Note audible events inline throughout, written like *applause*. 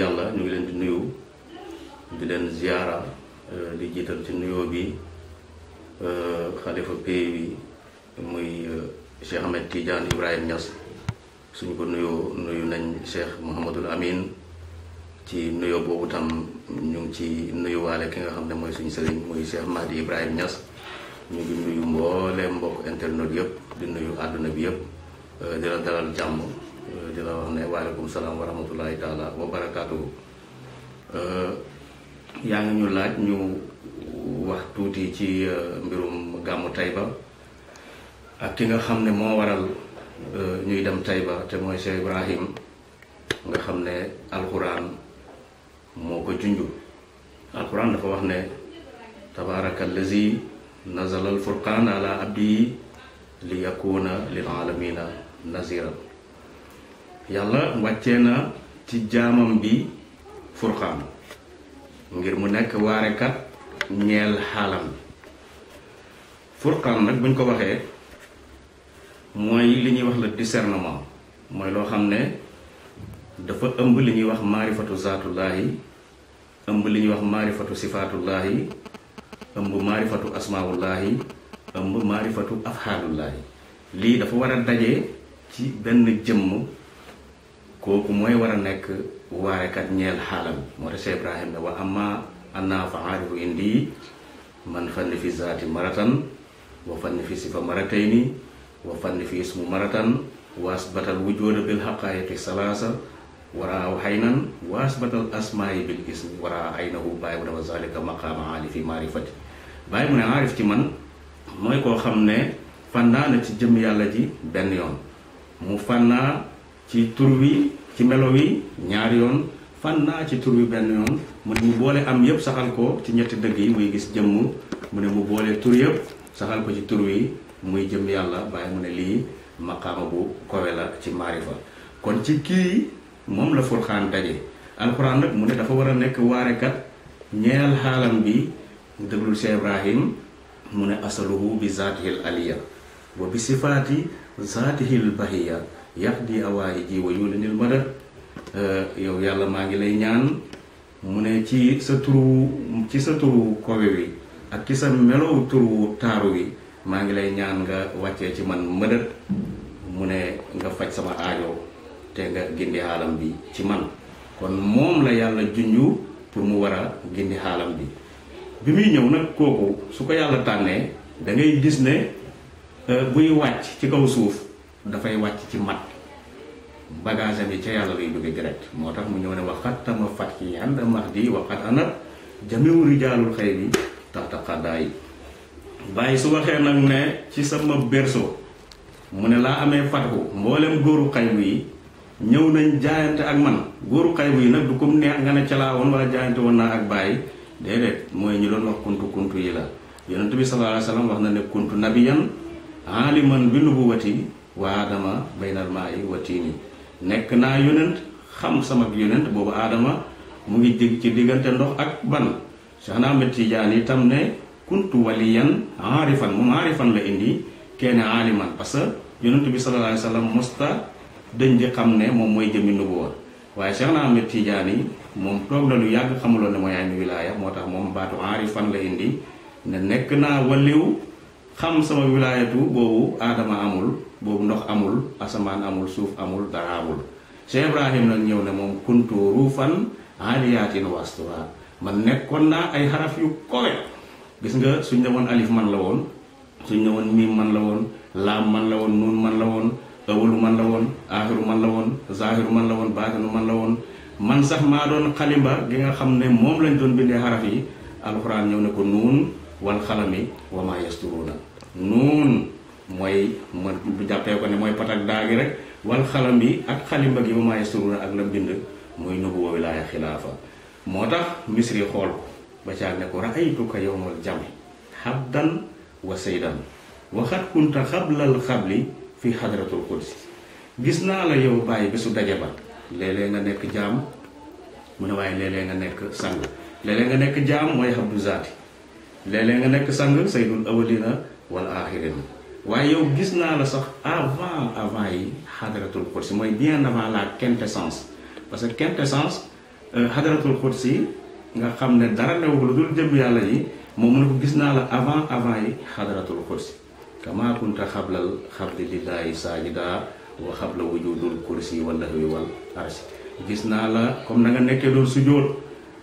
yàlla ñu ngi leen di nuyu di leen ziyaara euh, di jiital ci nuyo bi euh, xalifa pay bi muy euh, Cheikh Ahmed Tidiane Ibrahima Niass suñu ko nuyoo nuyu nañ Cheikh Mouhamadul Amin ci nuyoo boobu tam ñu ngi ci nuyu nuyuwaale ki nga xam ne mooy suñ sëriñ muy Cheikh Mahdi Ibrahima Niass ñu ngi nuyu mbooleem mbokk internet yëpp di nuyu àdduna bi yëpp di la dalal jàmm Eh, di la wax ne waaleykum salaam wa rahmatullahi taala eh, yaa ngi ñu laaj ñu wax tuuti ci eh, mbirum gàmmu Taïba ak ki nga xam ne moo waral ñuy dem Taïba te mooy Cheikh Ibrahim nga xam ne alxuraan moo ko junju alxuraan dafa wax ne tabaraka allazi nazala alfurqaan ala abdihi li yakuna lil alamina naziran yàlla wàccee na ci jaamam bi furqaan ngir mu nekk waarekat ñeel xaalam furqaan nag buñ ko waxee mooy li ñuy wax le discernement mooy loo xam ne dafa ëmb li ñuy wax maarifatu zaatullaahi ëmb li ñuy wax maarifatu sifaatullaahi ëmb maarifatu asmaaullaahi ëmb maarifatu afxaalullaahi lii dafa war a daje ci benn jëmm kooku mooy war a nekk waarekat ñeel xaalam moo tax Cheikh Ibrahim ne wa amma anna fa aarifu indi man fanni fi zaati maratan wa fanni fi sifa maratayni wa fanni fi ismu maratan wa asbatal wujuda bil xaqaayiqi salaasa waraa xaynan wa asbatal asmaayi bil ismi waraa aynahu bàyyi mu ne wa zalika maqaama aali fi maarifati bàyyi mu ne aarif ci man mooy koo xam ne fan naa na ci jëm yàlla ji benn yoon mu fannaa ci tur wi ci melo wi ñaari yoon fan naa ci tur wi benn yoon mu ne mu boole am yëpp saxal ko ci ñetti dëgg yi muy gis jëmm mu ne mu boole tur yëpp saxal ko ci tur wi muy jëm yàlla bàyyi mu ne lii maqaama bu kowe la ci maarifa kon ci kii moom la furxaan daje alxuraan nag mu ne dafa war a nekk waarekat ñeel xaalam bi dëglul Cheikh Ibrahim mu ne asaluhu bi zaatihil aliya wa sifaati zaatihil bahiya yahdi awaayi ji wa yulinil madad eh, yow yàlla maa ngi lay ñaan mu ne ci sa turu ci sa turu kowe wi ak ki sa melow turu taaru wi maa ngi lay ñaan nga wàccee ci man mëdët mu ne nga faj sama aajo te nga gindi xaalam bi ci man kon moom la yàlla junju pour mu war a gindi xaalam bi bi muy ñëw nag kooku su ko yàlla tànnee dangay ngay gis ne eh, buy wàcc ci kaw suuf dafay wàcc ci mat bagage am yi ca yàlla lay jóge direct moo tax mu ñëw ne waxat tama fat ki ànd mahdi waxat ana jamiu rijaalul xëy bi taxta xaddaa yi bàyyi su waxee nag ne ci sama berceau mu ne laa amee fatku mboolem góoru xay bu yi ñëw nañ jaayante ak man góoru xay bu yi nag du comme neex nga ne ca laa woon wala jaayante woon naa ak bàyyi déedéet mooy ñu doon wax kuntu kuntu yi la yonent bi sallallahu alayhi wax na ne kuntu nabiyan aaliman bi nubuwati wa adama baynal maa yi wa tiini nekk naa yonent xam sama yonent boobu aadama mu ngi dig ci diggante ndox ak ban Cheikh Ahmed Tidiane itam ne kuntu waliyan aarifan moom fan la indi kenn aaliman parce que yonent bi sallallahu alayhi wa sallam musta dañ di xam ne moom mooy jëmmi nubuwa waaye Cheikh Ahmed Tidiane moom toog na lu yàgg xamuloon ne mooy ay wilaaya moo tax moom baatu aarifan la indi ne nekk naa waliw xam sama wilaayatu boobu aadama amul boobu ndox amul asamaan amul suuf amul dara amul Cheikh Ibrahim nag ñëw ne moom kuntu ruufan aliyaatin wastura man nekkoon naa ay xaraf yu kowe gis nga suñ ne alif man la woon suñ ne woon miim man la woon laam man la woon nuun man la woon awalu man la woon aaxiru man la woon zaahiru man la woon baatinu man la woon man sax maa doon xalimba gi nga xam ne moom lañ doon bindee xaraf yi alxuraan ñëw ne ko nuun wal xalami wa nuun mooy ma jàppee ko ne mooy patak daa gi rek wal xalam ak xalimba gi ba maay suruna ak la mooy muy nubuwa wilaaya xilaafa moo tax misri xool ko ba caa ne ko raaytuka yowmal jami xabdan wa saydan waxat kunta xablal xabli fi xadratul qudsi gis naa la yow bàyyi bésu daje ba léeg nga nekk jaam mu ne waaye léeg nga nekk sang léeg nga nekk jaam mooy xabdu zaati léeg-léeg nga nekk sang saydul awalina wala aaxirin waaye yow gis naa la sax avant avant yi xadaratul xudsi mooy bien avant la quintessence parce que quintessence euh, xadaratul xudsi nga xam ne dara newul dul jëm yàlla yi moom mu ne ko gis naa la avant avant yi xadaratul xudsi kama kunta xablal xabli lillaahi saajida wa xabla wujudul kursi wa lahwi wal arsi gis naa la comme na nga nekkee doon sujjóot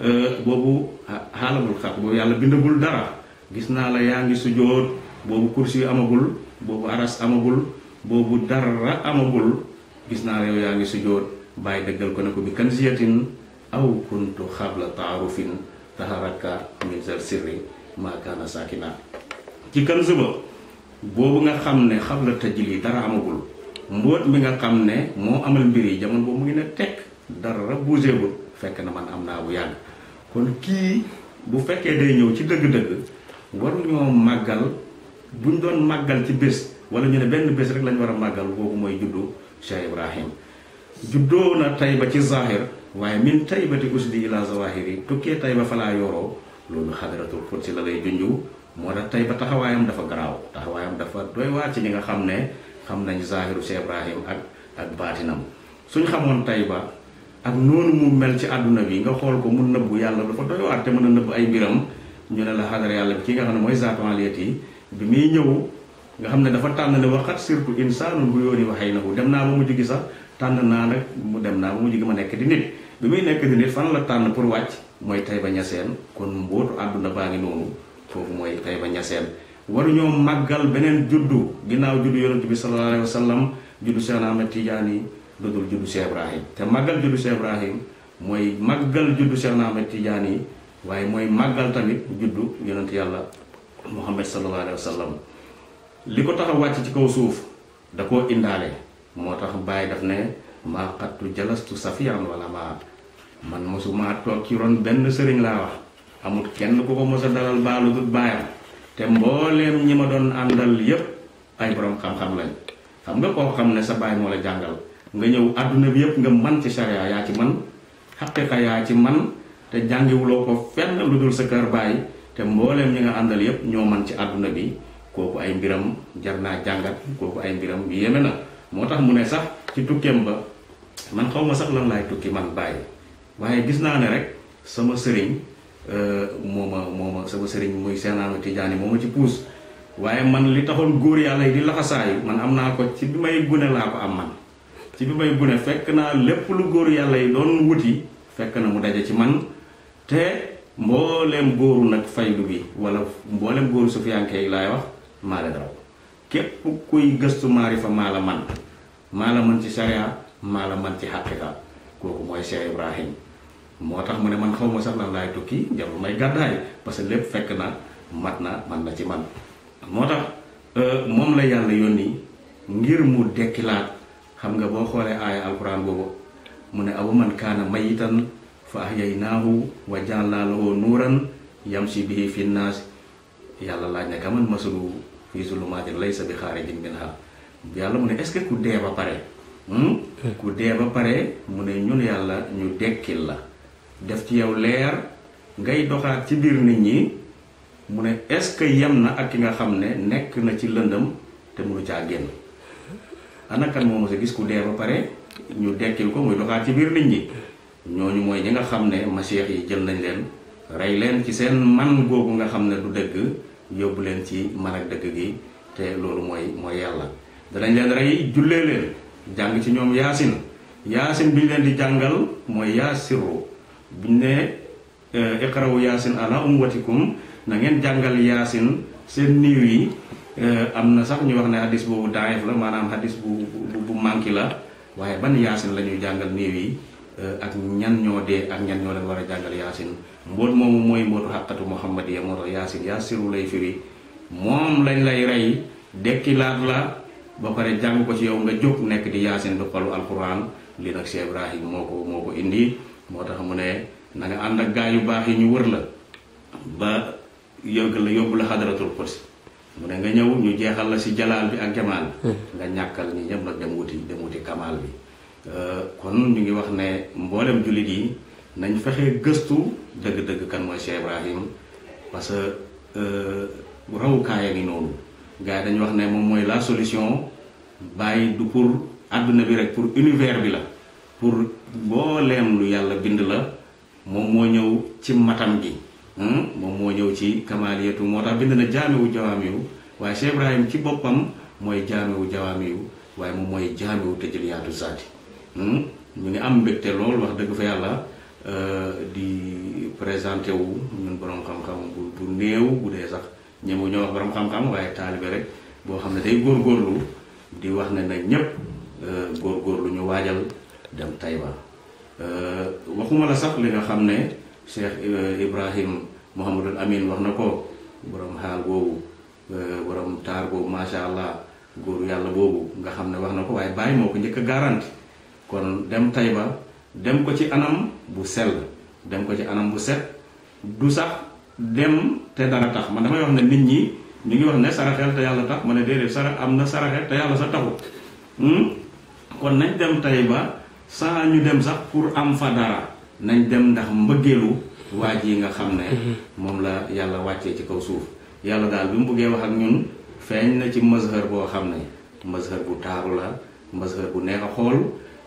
euh, boobu xaalamul xaq boobu yàlla bindagul dara gis naa la yaa ngi sujjóot boobu kursi yu amagul boobu aras amagul boobu dara amagul gis naa yow yaa ngi sujjóot bàyyi dëggal ko ne ko bi kan ziyatin aw kuntu la taarufin taharaka min zar sirri maakaana saakina ci kan suba boobu nga xam ne la xabla tajli dara amagul mbóot mi nga xam ne moo amal mbir yi jamono boobu mu ngi ne tekk dara bougé bu fekk na man am naa bu yàgg kon kii bu fekkee day ñëw ci dëgg-dëgg waruñoo màggal buñ doon màggal ci bés wala ñu ne benn bés rek lañ war a màggal boobu mooy juddu Cheikh Ibrahim juddoo na ba ci zahir waaye min taybati usdi ila zawahiri tukkee Tayba falaa yoroo loolu xadaratul xudsi la lay junju moo tax ba taxawaayam dafa garaaw taxawaayam dafa doywaat ci ñi nga xam ne xam nañ zahiru Cheikh Ibrahim ak ak baatinam suñ xamoon Tayba ak noonu mu mel ci àdduna bi nga xool ko mu nëbbu yàlla dafa doy waar te ay mbiram ñu ne la xadara yàlla bi nga xam ne mooy zaatu yi bi muy ñëw nga xam ne dafa tànn ne waxat surtout insaanun bu yooni waxee na ko dem naa ba mu jigi sax tànn naa nag mu dem naa ba mu jigi ma nekk di nit bi muy nekk di nit fan la tànn pour wàcc mooy Taïba Niassène kon mbootu àdduna baa ngi noonu foofu mooy Taïba Niassène waruñoo màggal beneen juddu ginnaaw juddu yonent bi sallallahu alayhi wa sallam juddu Cheikh Ahmed Tidiane dudul juddu Cheikh Ibrahim te màggal juddu Cheikh Ibrahim mooy màggal juddu Cheikh Ahmed Tidiane waaye mooy màggal tamit juddu yonent yàlla muhammad sallallahu alayhi wa sallam li ko tax wàcc ci kaw suuf da koo indaale moo tax bàyyi daf ne maa xattu jalastu safiyan wala ma man mosuma toog ci ron benn sëriñ laa wax amul kenn ku ko mos a dalal baalu dut baayam te mbooleem ñi ma doon àndal yépp ay borom xam-xam lañ xam nga koo xam ne sa baay moo la jàngal nga ñëw àdduna bi yépp nga man ci sharia yaa ci man xaqiqa yaa ci man te jàngiwuloo ko fenn lu sa kër baay te mbooleem ñi nga àndal yépp ñoo man ci àdduna bi kooku ay mbiram jar naa jàngat kooku ay mbiram bi na moo tax mu ne sax ci tukkeem ba man xaw ma sax lan laay tukki man bàyyi waaye gis naa ne rek sama sëriñ euh, moo ma moo sama sëriñ muy seenaama tijaani moo ma ci puus waaye man li taxoon góor yàlla yi di laxasaayu man am naa ko ci bi may gune laa ko am man ci bi may gune fekk naa lépp lu góor yàlla yi doon wuti fekk na mu daje ci man te mboolem góoru nag faydu bi wala mboolem góoru sufiyanke yi laay wax maa la raw képp kuy gëstu maarifa maa la man maa man ci sharia maa man ci xaqiqa kooku mooy Cheikh Ibrahim moo tax mu ne man xaw ma sax lan laay tukki jarul may gàddaay parce que lépp fekk na mat na man na ci man moo tax euh, moom la yàlla yónni ngir mu dekkilaat xam nga boo xoolee aaya alquran boobu mu ne awa man kaana mayitan fa ahyaynaahu wa ja'alnaa lahu nuuran yam si biir nnaas yàlla laaj na kaman masaluhu fi zulumaatin laysa bi xaarijin minhaa yàlla mu ne est-ce ku dee ba pare hmm? Hmm. ku dee ba pare mu ne ñun yàlla ñu dekkil la def ci yow leer ngay doxaat ci biir nit ñi mu ne est-ce que yem na ak ki nga xam ne nekk na ci lëndam te mënu caa génn ana kan moo mës gis ku dee ba pare ñu dekkil ko muy doxaat ci biir nit ñi ñooñu mooy ñi nga xam ne masiix yi jël nañ leen rey leen ci seen man googu nga xam ne du dëgg yóbbu leen ci man ak dëgg gi te loolu mooy mooy yàlla danañ leen rey jullee leen jàng ci ñoom yaasin yaasin bi ñu leen di jàngal mooy yaasiru buñ ne eh, iqrawu yaasin ala umwatikum na ngeen jàngal yaasin seen niiw yi eh, am na sax ñu wax ne hadis boobu daayef la maanaam hadis bu bu manqué la waaye ban yaasin la ñuy jàngal niiw yi Euh, ak ñan ñoo dee ak ñan ñoo leen war a jàngal yaasin mboot moomu mooy mbootu xàqatu muhammadiya moo tax yaasin yaasiru lay firi moom lañ lay rey dekki laat la ba pare jàng ko ci yow nga jóg nekk di yaasin du xolu alquran li nag Cheikh Ibrahim moo ko moo ko indi moo tax mu ne na nga ànd ak gaa yu baax yi ñu wër la ba yëg la yóbbu la xadaratul kursi mu ne nga ñëw ñu jeexal la si jalaal bi ak jamaal bi hmm. nga ñàkkal ñi ñëpp nag dem wuti dem wuti kamaal bi Euh, kon ñu ngi wax ne mboolem jullit yi nañ fexe gëstu dëgg-dëgg kan mooy Cheikh Ibrahim parce que euh, rawukaaya ngi noonu gars yi dañu wax ne moom mooy la solution bàyyi du pour àdduna bi rek pour univers bi la pour mbooleem lu yàlla bind la moom moo ñëw ci matam gi hmm? moom moo ñëw ci kamaliyatu moo tax bind na jaamiwu jawaamiwu waaye Cheikh Ibrahim ci boppam mooy jaamiwu jawaamiwu waaye moom mooy jaamiwu tëjëliyaatu saati mu hmm? ngi am mbégte lool wax dëgg fa yàlla euh, di présenté wu ñun borom xam-xam bu bu néew bu sax ñemewu ñoo wax borom xam-xam waaye taalibe rek boo xam ne góor góorlu di wax ne nag ñëpp lu ñu waajal dem Taïba euh, waxuma la sax li nga xam ne Cheikh euh, Ibrahim Mouhamadul Amin wax na ko boroom xaal boobu borom taar boobu macha allah góor yàlla boobu nga xam ne wax na ko waaye bàyyi moo ko njëkk garanti kon dem Taïba dem ko ci anam bu sell dem ko ci anam bu set du sax dem te dara tax man damay wax ne nit ñi ñu ngi wax ne saraxel te yàlla tax ma ne déedéet sara am na saraxel te yàlla sa taxut hmm? kon nañ dem ba saa ñu dem sax pour am fa dara nañ dem ndax mbëggeelu waa yi nga xam ne mhm. moom la yàlla wàccee ci kaw suuf yàlla daal bi mu buggee wax ak ñun feeñ na ci mazhar boo xam ne mazhar bu taaru la mazhar bu neex a xool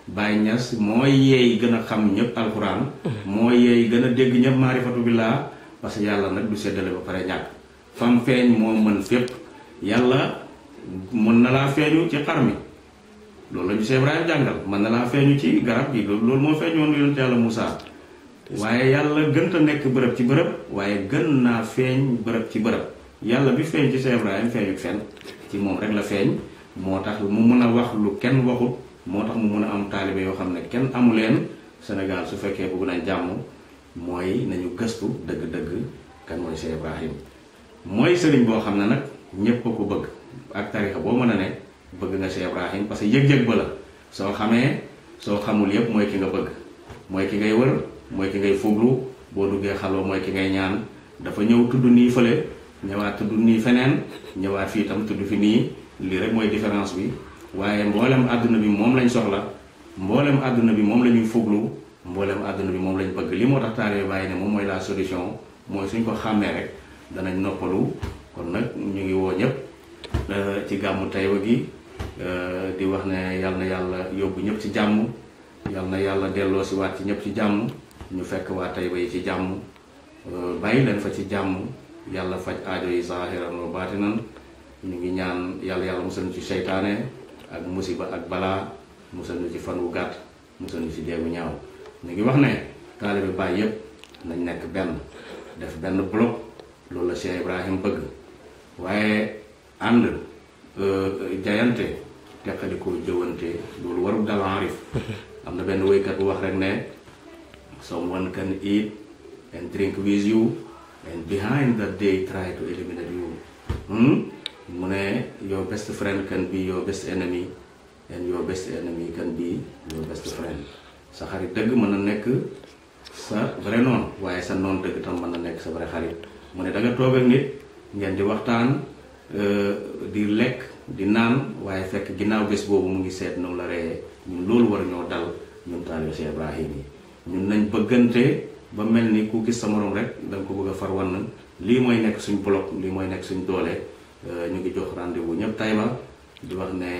bay ñas moo yeey gën a xam ñëpp alxuraan. moo yeey gën a dégg ñëpp maarifatu billah parce que yàlla nag du seddale ba pare ñàkk fam feeñ moo mën fépp yàlla mën na laa feeñu ci xar mi loolu la ñu Cheikh Ibrahima jàngal mën na laa feeñu ci garab gi loolu moo feeñoon yonent yàlla waaye yàlla gën ta nekk bërëb ci bërëb waaye gën naa feeñ bërëb ci bërëb yàlla bi feeñ ci Cheikh Ibrahima feeñu fenn ci moom rek la feeñ moo tax mu mën a wax lu kenn waxut moo tax mu mën a am taalibe yoo xam ne kenn amu leen Sénégal su fekkee bëgg nañ jàmm mooy nañu gëstu dëgg-dëgg kan mooy Cheikh Ibrahim mooy sëriñ boo xam ne nag ñépp a ko bëgg ak tarixa boo mën a ne bëgg nga Cheikh Ibrahim parce que yëg-yëg ba la soo xamee soo xamul yépp mooy ki nga bëgg mooy ki ngay wër mooy ki ngay fuglu boo duggee xaloo mooy ki ngay ñaan dafa ñëw tudd nii fële ñëwaat tudd nii feneen ñëwaat fii itam tudd fi nii lii rek mooy différence bi waaye mboolem àdduna bi moom lañ soxla mboolem àdduna bi moom la ñuy fuglu mboolem àdduna bi moom lañ bëgg li moo tax taalibe Baay ne moom mooy laa solution mooy suñ ko xàmmee rek danañ noppalu kon nag ñu ngi woo ñëpp euh, ci gàmmu Tayba gi euh, di wax ne yàlla na yàlla yóbbu ñëpp ci jàmm yal na yàlla delloo si ci ñëpp ci jàmm ñu fekk waa Tayba yi ci jàmm euh, bàyyi leen fa ci jàmm yàlla faj aajo yi zaahiran wa ñu ngi ñaan yàlla yàlla musal ñu ci seytaanee ak musiba ak balaa musal ñu ci fan wu gàtt musal ñu ci deegu ñaaw mu ngi wax ne taalibe Baay yépp nañ nekk benn def benn bloc loolu la Cheikh Ibrahim bëgg waaye ànd euh, jayante teqalikoo jëwante loolu warul dal enrif *laughs* am na benn woykat bu wax rek ne someone can eat and drink with you and behind that they try to eliminate you hmm? mu ne your best friend can bi your best enemy and your best enemy can be your best friend sa xarit dëgg mën na nekk sa vrai noon waaye sa noon dëgg tam mën na nekk sa vrai xarit mu ne danga nga toog ak nit ngeen di waxtaan euh, di lekk di naan waaye fekk ginnaaw bés boobu mu ngi seet noonu la reyee ñun loolu war ñoo dal ñun taalibe Cheikh Ibrahim yi ñun nañ bëggante ba mel ni ku gis sa moroom rek da nga ko bëgg a lii mooy nekk suñ bloc lii mooy nekk suñ doole Euh, ñu ngi jox rendez-vous ñëpp Taïba di wax ne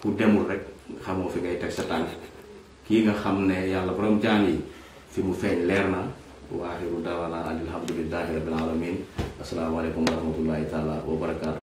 ku demul rek xamoo fi ngay teg sa tànk kii nga xam ne yàlla borom jaam yi fi mu feeñ leer na waaxiru dawana alhamdulillahi rabbil alamin asalaamaaleykum wa rahmatullahi taala wa barakaatu